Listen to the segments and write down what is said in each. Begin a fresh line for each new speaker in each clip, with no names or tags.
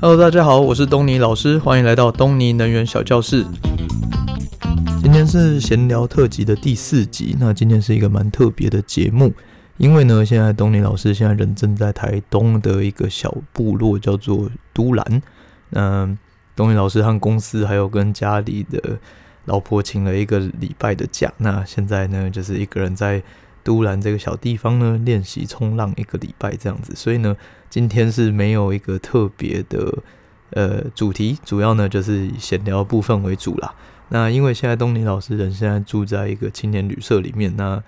Hello，大家好，我是東尼老師，歡迎來到東尼能源小教室。今天是閒聊特輯的第四集。那今天是一個蠻特別的節目，因為呢，現在東尼老師現在人正在台東的一個小部落，叫做都蘭。那東尼老師和公司還有跟家裡的老婆請了一個禮拜的假。那現在呢，就是一個人在，都蘭這個小地方呢，練習衝浪一個禮拜這樣子，所以呢，今天是沒有一個特別的呃主題，主要呢就是閒聊的部分為主啦。那因為現在東尼老師人現在住在一個青年旅社裡面，那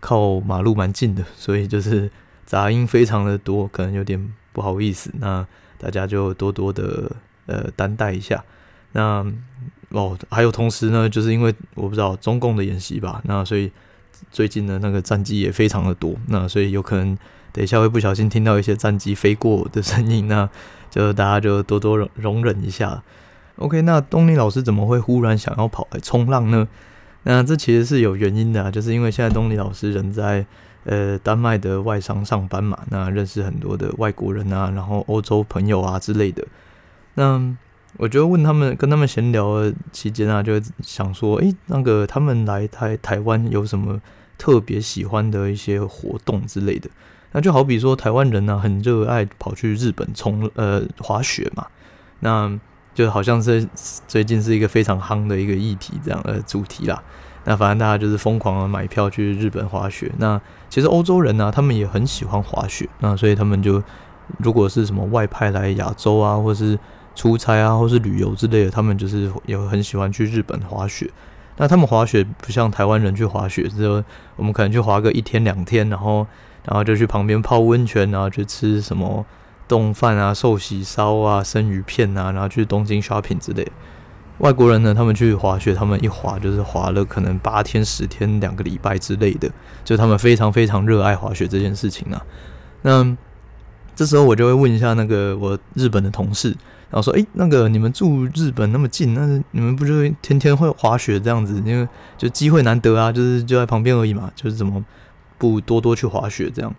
靠馬路蠻近的，所以就是雜音非常的多，可能有點不好意思，那大家就多多的呃擔待一下。那哦，還有同時呢，就是因為我不知道中共的演習吧，那所以。最近的那個戰機也非常的多，那所以有可能等一下會不小心聽到一些戰機飛過的聲音，那就大家就多多容忍一下。OK，那東尼老師怎麼會忽然想要跑來衝浪呢？那這其實是有原因的啊，就是因為現在東尼老師人在呃丹麥的外商上班嘛，那認識很多的外國人啊，然後歐洲朋友啊之類的，那。我就問他們，跟他們閒聊的期間啊，就想說，哎，那個他們來台台灣有什麼特別喜歡的一些活動之類的？那就好比說，台灣人呢，啊、很熱愛跑去日本衝呃滑雪嘛，那就好像是最近是一個非常夯的一個議題這樣的主題啦。那反正大家就是瘋狂的買票去日本滑雪。那其實歐洲人呢，啊，他們也很喜歡滑雪，那所以他們就如果是什麼外派來亞洲啊，或是。出差啊，或是旅遊之類的，他們就是有很喜歡去日本滑雪。那他們滑雪不像台灣人去滑雪，就我們可能去滑個一天兩天，然後然後就去旁邊泡溫泉啊，去吃什麼丼飯啊、壽喜燒啊、生魚片啊，然後去東京 shopping 之類。外國人呢，他們去滑雪，他們一滑就是滑了可能八天、十天、兩個禮拜之類的，就他們非常非常熱愛滑雪這件事情啊。那這時候我就會問一下那個我日本的同事。然後說，哎，那個你們住日本那麼近，那你們不就天天會滑雪這樣子？因為就機會難得啊，就是就在旁邊而已嘛，就是怎麼不多多去滑雪這樣。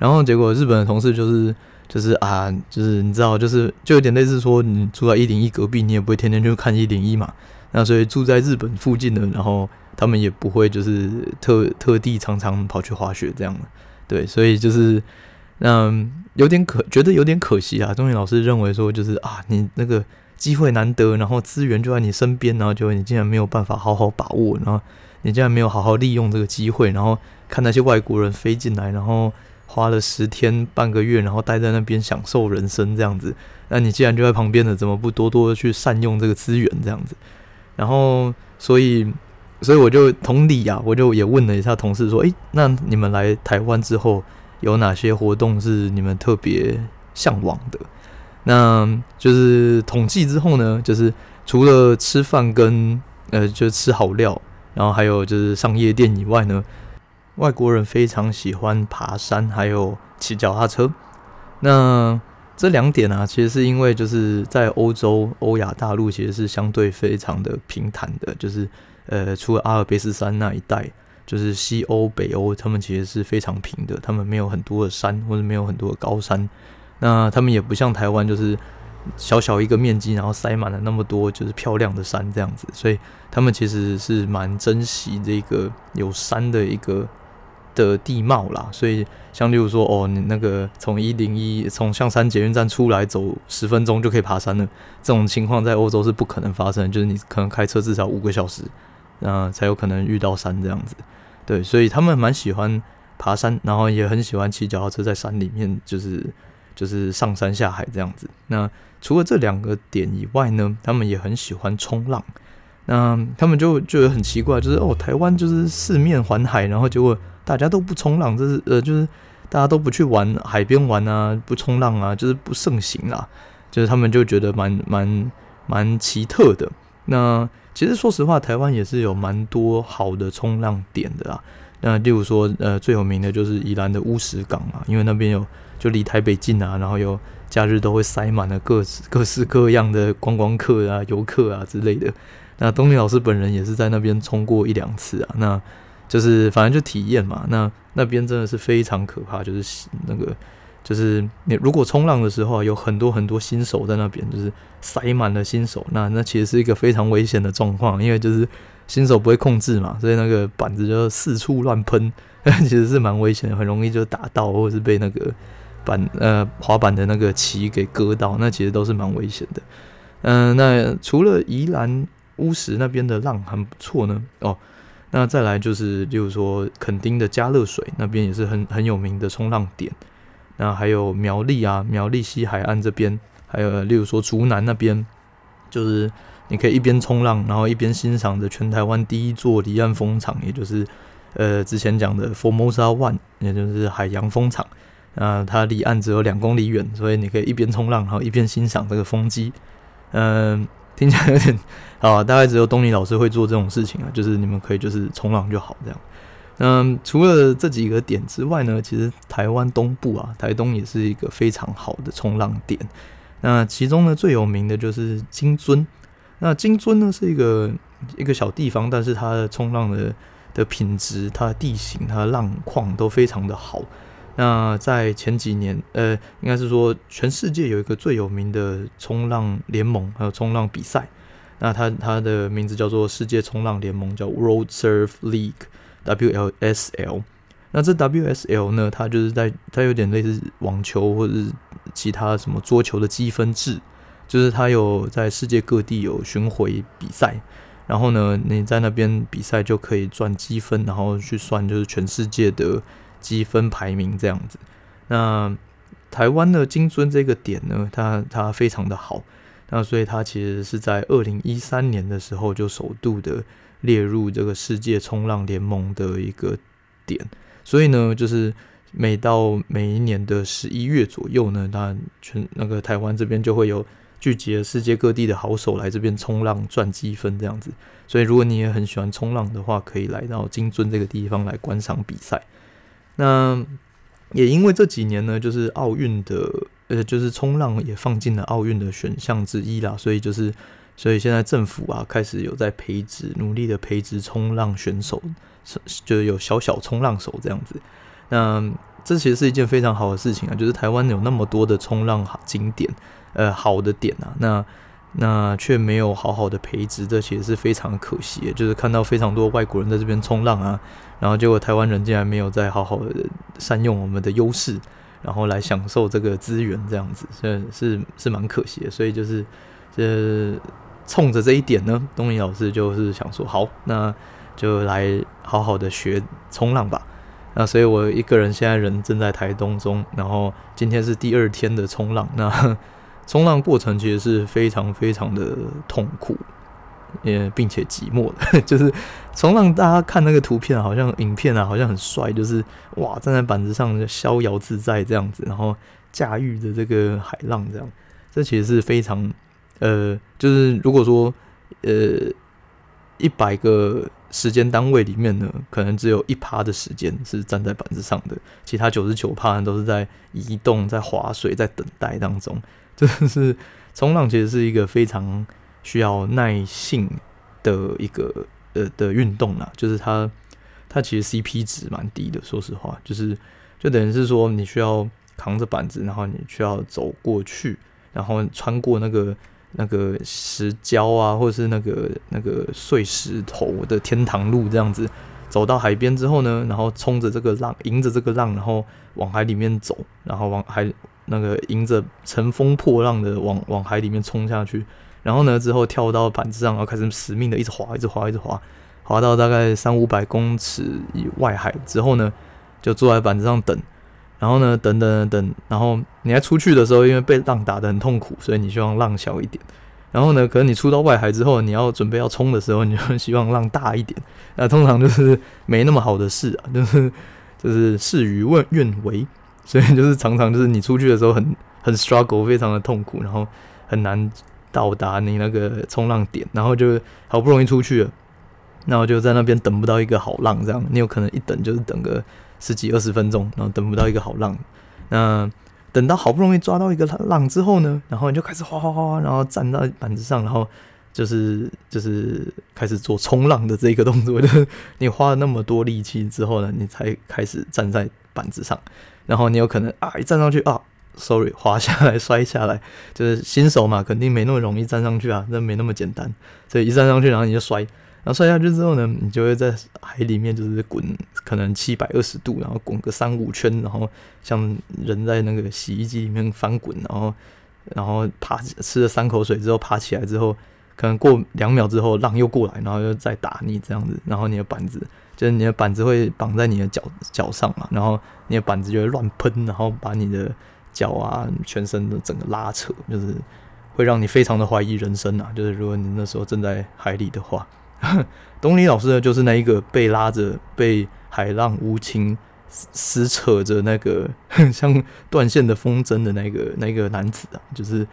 然後結果日本的同事就是就是啊，就是你知道，就是就有點類似說你住在一零一隔壁，你也不會天天就看一零一嘛。那所以住在日本附近的，然後他們也不會就是特特地常常跑去滑雪這樣的。對，所以就是。嗯，有點可覺得有點可惜啊！中原老師認為說，就是啊，你那個機會難得，然後資源就在你身邊，然後就你竟然沒有辦法好好把握，然後你竟然沒有好好利用這個機會，然後看那些外國人飛進來，然後花了十天半個月，然後待在那邊享受人生這樣子，那你既然就在旁邊的，怎麼不多多去善用這個資源這樣子？然後所以所以我就同理啊，我就也問了一下同事說，誒，那你們來台灣之後？有哪些活動是你們特別嚮往的？那就是統計之後呢，就是除了吃飯跟呃，就是吃好料，然後還有就是上夜店以外呢，外國人非常喜歡爬山，還有騎腳踏車。那這兩點啊，其實是因為就是在歐洲，歐亞大陸其實是相對非常的平坦的，就是呃，除了阿爾卑斯山那一帶。就是西歐、北歐，他們其實是非常平的，他們沒有很多的山，或者沒有很多的高山，那他們也不像台灣，就是小小一個面積，然後塞滿了那麼多就是漂亮的山這樣子，所以他們其實是蠻珍惜這個有山的一個的地貌啦。所以像例如說，哦，你那個從一零一從象山捷運站出來，走十分鐘就可以爬山了，這種情況在歐洲是不可能發生的，就是你可能開車至少五個小時。嗯、呃，才有可能遇到山這樣子，對，所以他們蠻喜歡爬山，然後也很喜歡騎腳踏車在山裡面，就是就是上山下海這樣子。那除了這兩個點以外呢，他們也很喜歡衝浪。那他們就覺得很奇怪，就是哦，台灣就是四面環海，然後結果大家都不衝浪，這、就是呃，就是大家都不去玩海邊玩啊，不衝浪啊，就是不盛行啦、啊，就是他們就覺得蠻蠻蠻奇特的。那其實說實話，台灣也是有蠻多好的衝浪點的啦。那例如說，呃，最有名的就是宜蘭的烏石港啊，因為那邊有就離台北近啊，然後有假日都會塞滿了各各式各樣的觀光客啊、遊客啊之類的。那東尼老師本人也是在那邊衝過一兩次啊，那就是反正就體驗嘛。那那邊真的是非常可怕，就是那個。就是你如果衝浪的時候，有很多很多新手在那邊，就是塞滿了新手，那那其實是一個非常危險的狀況，因為就是新手不會控制嘛，所以那個板子就四處亂噴，其實是蠻危險，很容易就打到，或者是被那個板呃滑板的那個鰭給割到，那其實都是蠻危險的。嗯，那除了宜蘭烏石那邊的浪很不錯呢，哦，那再來就是就是說墾丁的佳樂水那邊也是很很有名的衝浪點。那還有苗栗啊，苗栗西海岸這邊，還有例如說竹南那邊，就是你可以一邊衝浪，然後一邊欣賞着全台灣第一座離岸風場，也就是呃之前講的 Formosa One，也就是海洋風場。呃，它離岸只有兩公里遠，所以你可以一邊衝浪，然後一邊欣賞這個風機。嗯、呃，聽起來有點好啊，大概只有東尼老師會做這種事情啊，就是你們可以就是衝浪就好這樣。嗯，除了這幾個點之外呢，其實台灣東部啊，台東也是一個非常好的衝浪點。那其中呢，最有名的就是金樽。那金樽呢是一個一個小地方，但是它的衝浪的的品質、它的地形、它的浪況都非常的好。那在前幾年，呃，應該是說全世界有一個最有名的衝浪聯盟還有衝浪比賽。那它它的名字叫做世界衝浪聯盟，叫 World Surf League。WLSL，那這 WSL 呢，它就是在它有點類似網球或者是其他什麼桌球的積分制，就是它有在世界各地有巡迴比賽，然後呢，你在那邊比賽就可以賺積分，然後去算就是全世界的積分排名這樣子。那臺灣的金樽這個點呢，它它非常的好。那所以他其實是在二零一三年的時候就首度的列入這個世界衝浪聯盟的一個點，所以呢，就是每到每一年的十一月左右呢，那全那個台灣這邊就會有聚集了世界各地的好手來這邊衝浪賺積分這樣子。所以如果你也很喜歡衝浪的話，可以來到金樽這個地方來觀賞比賽。那也因為這幾年呢，就是奧運的。呃，就是衝浪也放進了奧運的選項之一啦，所以就是，所以現在政府啊開始有在培植，努力的培植衝浪選手，就是有小小衝浪手這樣子。那這其實是一件非常好的事情啊，就是台灣有那麼多的衝浪景點，呃，好的點啊，那那卻沒有好好的培植，這其實是非常可惜。就是看到非常多外國人在這邊衝浪啊，然後結果台灣人竟然沒有在好好的善用我們的優勢。然後來享受這個資源，這樣子，所以是是蠻可惜的。所以就是，就是衝着這一點呢，東尼老師就是想說，好，那就來好好的學衝浪吧。那所以我一個人現在人正在台東中，然後今天是第二天的衝浪。那衝浪過程其實是非常非常的痛苦。呃，並且寂寞的， 就是衝浪大家看那個圖片，好像影片啊，好像很帥，就是哇，站在板子上就逍遙自在這樣子，然後駕馭着這個海浪這樣，這其實是非常呃，就是如果說呃，一百個時間單位裡面呢，可能只有一趴的時間是站在板子上的，其他九十九趴都是在移動、在划水、在等待當中，真的是衝浪其實是一個非常需要耐性的一個呃的運動啦，啊，就是它它其實 CP 值蠻低的，說實話，就是就等於是說你需要扛着板子，然後你需要走過去，然後穿過那個那個石礁啊，或者是那個那個碎石頭的天堂路這樣子，走到海邊之後呢，然後衝着這個浪，迎着這個浪，然後往海裡面走，然後往海那個迎着乘風破浪的往往海裡面衝下去。然後呢，之後跳到板子上，然後開始死命的一直滑，一直滑，一直滑，滑到大概三五百公尺以外海之後呢，就坐在板子上等。然後呢，等等等。然後你在出去的時候，因為被浪打得很痛苦，所以你希望浪小一點。然後呢，可能你出到外海之後，你要準備要衝的時候，你就希望浪大一點。那通常就是沒那麼好的事啊，就是就是事與願願違。所以就是常常就是你出去的時候很很 struggle，非常的痛苦，然後很難。到達你那個衝浪點，然後就好不容易出去了，然後就在那邊等不到一個好浪，這樣你有可能一等就是等個十幾二十分鐘，然後等不到一個好浪。那等到好不容易抓到一個浪之後呢，然後你就開始嘩嘩嘩，然後站到板子上，然後就是就是開始做衝浪的這個動作。 你花了那麼多力氣之後呢，你才開始站在板子上，然後你有可能啊一站上去啊。sorry，滑下來摔下來，就是新手嘛，肯定沒那麼容易站上去啊，那沒那麼簡單，所以一站上去，然後你就摔，然後摔下去之後呢，你就會在海裡面就是滾，可能七百二十度，然後滾個三五圈，然後像人在那個洗衣機裡面翻滾，然後然後爬，吃了三口水之後爬起來之後，可能過兩秒之後浪又過來，然後又再打你這樣子，然後你的板子就是你的板子會綁在你的腳腳上嘛，然後你的板子就會亂噴，然後把你的腳啊，全身的整個拉扯，就是會讓你非常的懷疑人生啊！就是如果你那時候正在海裡的話，東 尼老師呢，就是那一個被拉着、被海浪無情撕扯着，那個 像斷線的風箏的那個那個男子啊，就是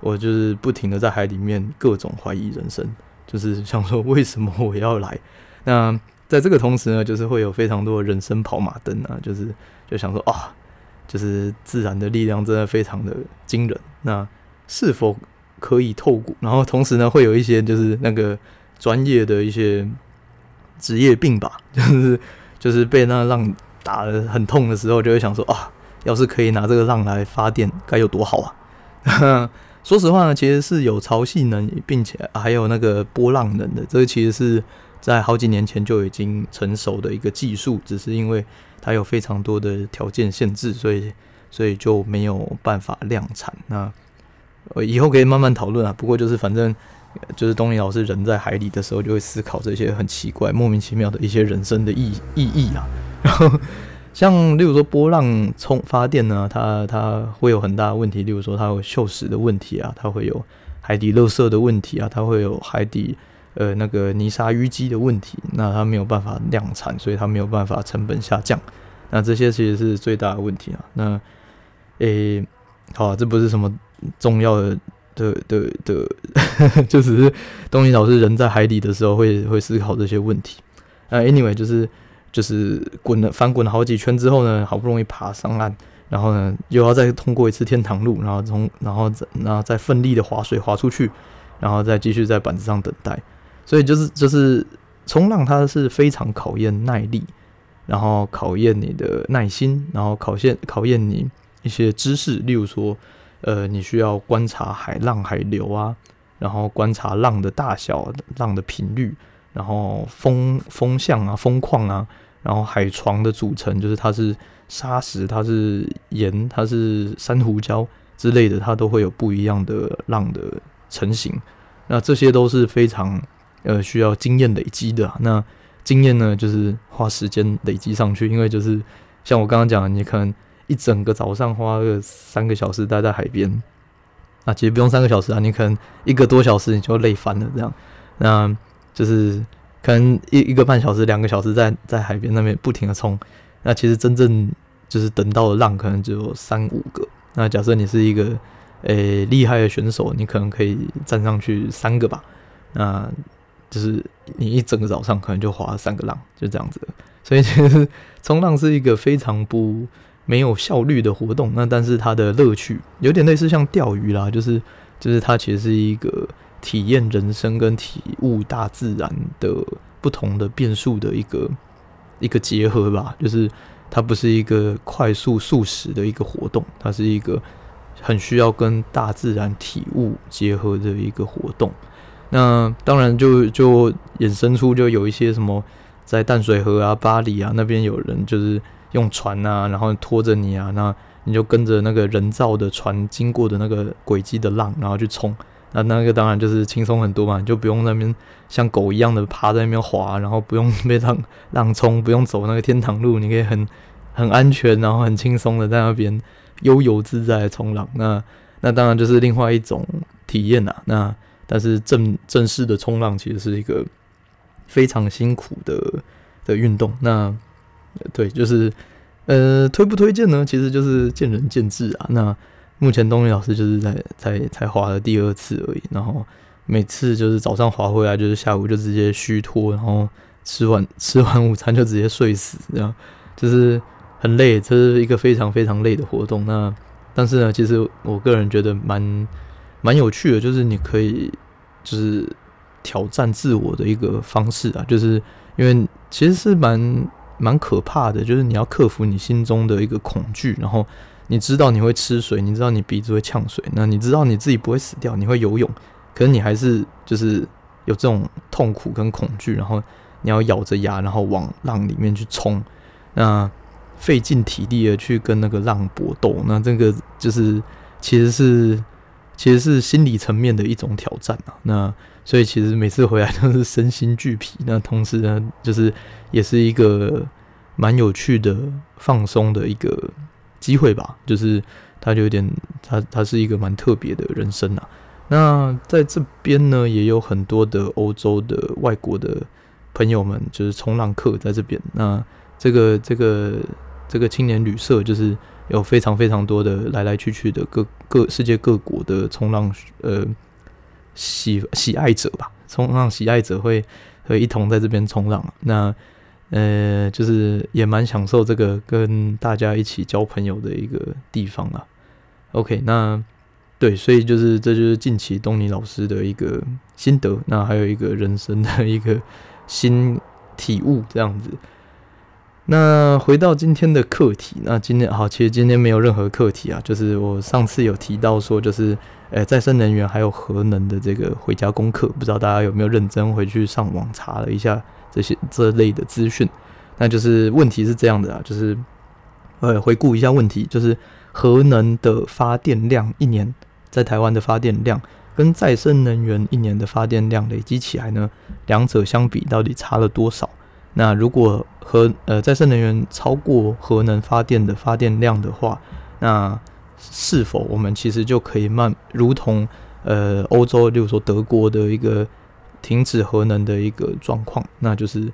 我就是不停的在海裡面各種懷疑人生，就是想說為什麼我要來？那在這個同時呢，就是會有非常多的人生跑馬燈啊，就是就想說啊。哦就是自然的力量真的非常的驚人。那是否可以透過？然後同時呢，會有一些就是那個專業的一些職業病吧，就是就是被那浪打得很痛的時候，就會想說啊，要是可以拿這個浪來發電，該有多好啊！說實話呢，其實是有潮汐能，並且還有那個波浪能的，這個其實是。在好幾年前就已經成熟的一個技術，只是因為它有非常多的條件限制，所以所以就沒有辦法量產。那以後可以慢慢討論啊。不過就是反正就是東尼老師人在海裡的時候就會思考這些很奇怪、莫名其妙的一些人生的意意義啊。然後像例如說波浪衝发電呢，它它會有很大的問題，例如說它有鏽蝕的問題啊，它會有海底漏色的問題啊，它會有海底。呃，那個泥沙淤積的問題，那它沒有辦法量產，所以它沒有辦法成本下降。那這些其實是最大的問題啊。那，誒、欸，好啊，這不是什麼重要的的的，的，的 就只是東尼老師人在海底的時候會會思考這些問題。那 anyway，就是就是滾了翻滾了好幾圈之後呢，好不容易爬上岸，然後呢，又要再通過一次天堂路，然後從然後然後，再然後再奮力的劃水劃出去，然後再繼續在板子上等待。所以就是就是衝浪，它是非常考驗耐力，然後考驗你的耐心，然後考驗考驗你一些知識，例如說，呃，你需要觀察海浪、海流啊，然後觀察浪的大小、浪的頻率，然後風風向啊、風況啊，然後海床的組成，就是它是沙石，它是鹽，它是珊瑚礁之類的，它都會有不一樣的浪的成型。那這些都是非常。呃，需要經驗累積的、啊。那經驗呢，就是花時間累積上去。因為就是像我剛剛講，你可能一整個早上花個三個小時待在海邊，那其實不用三個小時啊，你可能一個多小時你就累翻了。這樣，那就是可能一一個半小時、兩個小時在在海邊那邊不停的衝，那其實真正就是等到了浪，可能只有三五個。那假設你是一個呃、欸、厲害的選手，你可能可以站上去三個吧。那就是你一整個早上可能就划了三個浪，就這樣子。所以其實衝浪是一個非常不沒有效率的活動。那但是它的樂趣有點類似像釣魚啦，就是就是它其實是一個體驗人生跟體悟大自然的不同的變數的一個一個結合吧。就是它不是一個快速速食的一個活動，它是一個很需要跟大自然體悟結合的一個活動。那當然就就衍生出就有一些什麼在淡水河啊、八里啊那邊有人就是用船啊，然後拖着你啊，那你就跟着那個人造的船經過的那個軌跡的浪，然後去衝。那那個當然就是輕鬆很多嘛，你就不用那邊像狗一樣的趴在那邊滑，然後不用被浪浪衝，不用走那個天堂路，你可以很很安全，然後很輕鬆的在那邊悠遊自在的衝浪。那那當然就是另外一種體驗啦、啊。那但是正正式的衝浪其實是一個非常辛苦的的運動。那對，就是呃，推不推薦呢？其實就是見仁見智啊。那目前東尼老師就是在才才，才，才滑了第二次而已，然後每次就是早上滑回來，就是下午就直接虛脫，然後吃完吃完午餐就直接睡死，這樣就是很累，這是一個非常非常累的活動。那但是呢，其實我個人覺得蠻。蠻有趣的，就是你可以就是挑戰自我的一個方式啊，就是因為其實是蠻蠻可怕的，就是你要克服你心中的一個恐懼，然後你知道你會吃水，你知道你鼻子會嗆水，那你知道你自己不會死掉，你會游泳，可是你還是就是有這種痛苦跟恐懼，然後你要咬着牙，然後往浪裡面去衝，那費盡體力的去跟那個浪搏鬥，那這個就是其實是。其實是心理層面的一種挑戰啊。那所以其實每次回來都是身心俱疲。那同時呢，就是也是一個蠻有趣的放鬆的一個機會吧。就是他就有點，他他是一個蠻特別的人生吶啊。那在這邊呢，也有很多的歐洲的外國的朋友們，就是衝浪客在這邊。那這個這個這個青年旅社就是。有非常非常多的來來去去的各各世界各國的衝浪呃喜喜愛者吧，衝浪喜愛者會會一同在這邊衝浪啊，那呃就是也蠻享受這個跟大家一起交朋友的一個地方啊。OK，那對，所以就是這就是近期東尼老師的一個心得，那還有一個人生的一個新體悟，這樣子。那回到今天的課題，那今天好，其實今天沒有任何課題啊，就是我上次有提到說，就是呃，再生能源還有核能的這個回家功課，不知道大家有沒有認真回去上網查了一下這些這類的資訊。那就是問題是這樣的啊，就是呃，回顧一下問題，就是核能的發電量一年在台灣的發電量跟再生能源一年的發電量累積起來呢，兩者相比到底差了多少？那如果核、呃再生能源超過核能發電的發電量的話，那是否我們其實就可以慢，如同呃歐洲，例如說德國的一個停止核能的一個狀況，那就是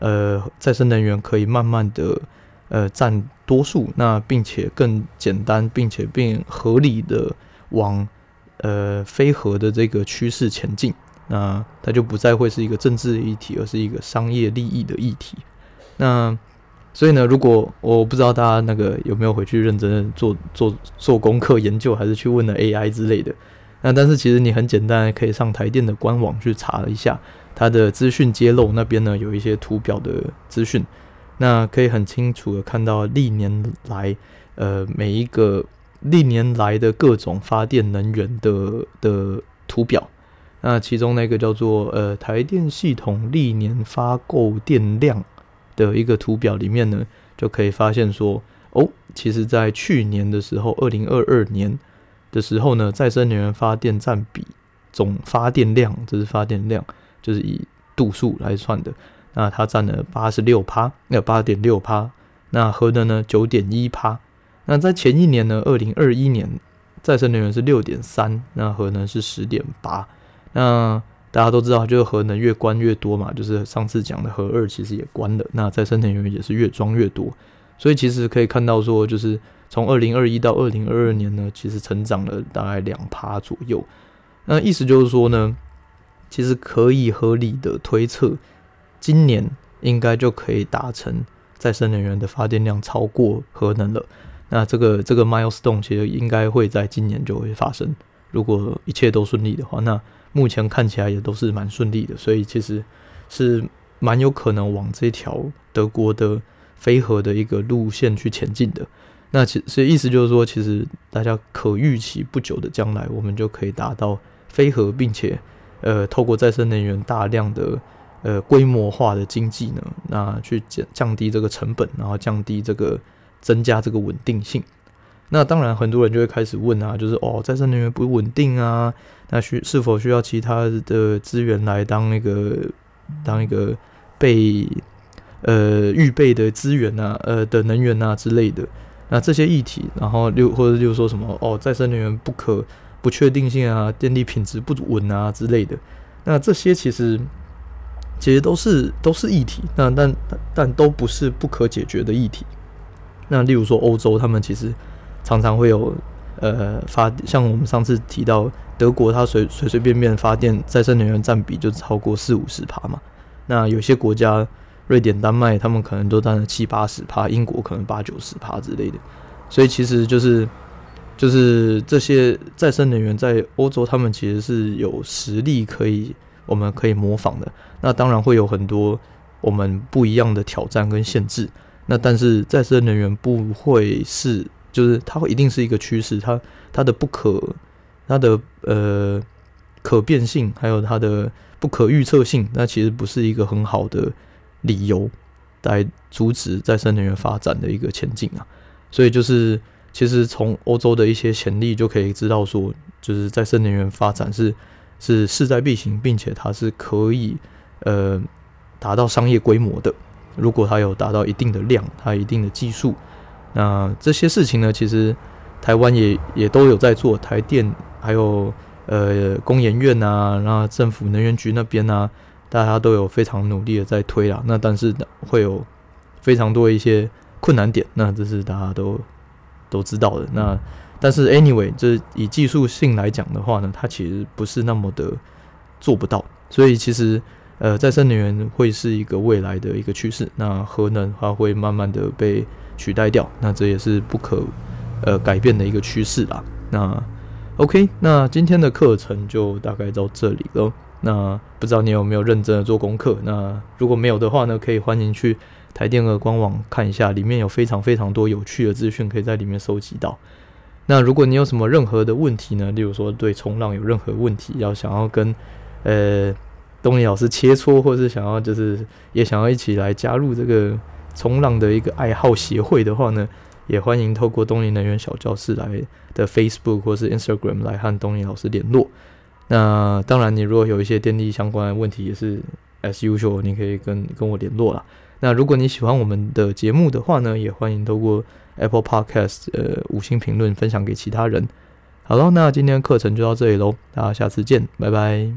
呃再生能源可以慢慢的呃佔多數，那並且更簡單，並且並合理的往呃非核的這個趨勢前進。那它就不再會是一個政治的議題，而是一個商業利益的議題。那所以呢，如果我不知道大家那個有沒有回去認真做做做功課研究，還是去問了 AI 之類的。那但是其實你很簡單，可以上台電的官網去查一下，它的資訊揭露那邊呢有一些圖表的資訊，那可以很清楚的看到歷年來呃每一個歷年來的各種發電能源的、的圖表。那其中那個叫做呃台電系統歷年發購電量的一個圖表裡面呢，就可以發現說哦，其實在去年的時候，二零二二年的時候呢，再生能源發電占比總發電量，這是發電量，就是以度數來算的。那它占了八十六帕，那八點六帕，那核能呢九點一帕。那在前一年呢，二零二一年，再生能源是六點三，那核呢是十點八。那大家都知道，就是核能越關越多嘛，就是上次講的核二其實也關了。那再生能源也是越裝越多，所以其實可以看到說，就是從二零二一到二零二二年呢，其實成長了大概兩趴左右。那意思就是說呢，其實可以合理的推測，今年應該就可以達成再生能源的發電量超過核能了。那這個這個 milestone 其實應該會在今年就會發生，如果一切都順利的話，那。目前看起來也都是蠻順利的，所以其實是蠻有可能往這條德國的非核的一個路線去前進的。那其所以意思就是說，其實大家可預期不久的將來，我們就可以達到非核，並且呃，透過再生能源大量的呃規模化的經濟呢，那去減降低這個成本，然後降低這個增加這個穩定性。那當然，很多人就會開始問啊，就是哦，再生能源不穩定啊。那需是否需要其他的資源來當那個當一個備呃預備的資源啊，呃的能源啊之類的。那這些議題，然後又或者又說什麼哦，再生能源不可不確定性啊，電力品質不穩啊之類的。那這些其實其實都是都是議題，那但但但都不是不可解決的議題。那例如說歐洲，他們其實常常會有。呃，發，像我們上次提到，德國它，隨隨隨便便發電，再生能源占比就超過四五十趴嘛。那有些國家，瑞典、丹麥，他們可能都占了七八十趴，英國可能八九十趴之類的。所以其實就是就是這些再生能源在歐洲，他們其實是有實力可以，我們可以模仿的。那當然會有很多我們不一樣的挑戰跟限制。那但是再生能源不會是。就是它會一定是一個趨勢，它它的不可、它的呃可變性，還有它的不可預測性，那其實不是一個很好的理由來阻止再生能源發展的一個前景啊。所以就是，其實從歐洲的一些潛力就可以知道說，就是再生能源發展是是勢在必行，並且它是可以呃達到商業規模的。如果它有達到一定的量，它一定的技術。那這些事情呢，其實台灣也也都有在做，台電還有呃工研院啊，那政府能源局那邊啊，大家都有非常努力的在推啦。那但是會有非常多一些困難點，那這是大家都都知道的。那但是 anyway，這以技術性來講的話呢，它其實不是那麼的做不到。所以其實呃，再生能源會是一個未來的一個趨勢。那核能它會慢慢的被。取代掉，那這也是不可呃改變的一個趨勢啦。那 OK，那今天的課程就大概到這裡囉。那不知道你有沒有認真的做功課？那如果沒有的話呢，可以歡迎去台電的官網看一下，裡面有非常非常多有趣的資訊，可以在裡面收集到。那如果你有什麼任何的問題呢，例如說對衝浪有任何問題，要想要跟呃東尼老師切磋，或是想要就是也想要一起來加入這個。衝浪的一個愛好協會的話呢，也歡迎透過東尼能源小教室來的 Facebook 或是 Instagram 來和東尼老師聯絡。那當然，你如果有一些電力相關的問題，也是 as usual，你可以跟跟我聯絡啦。那如果你喜歡我們的節目的話呢，也歡迎透過 Apple Podcast 呃五星評論分享給其他人。好了，那今天的課程就到這裡嘍，大家下次見，拜拜。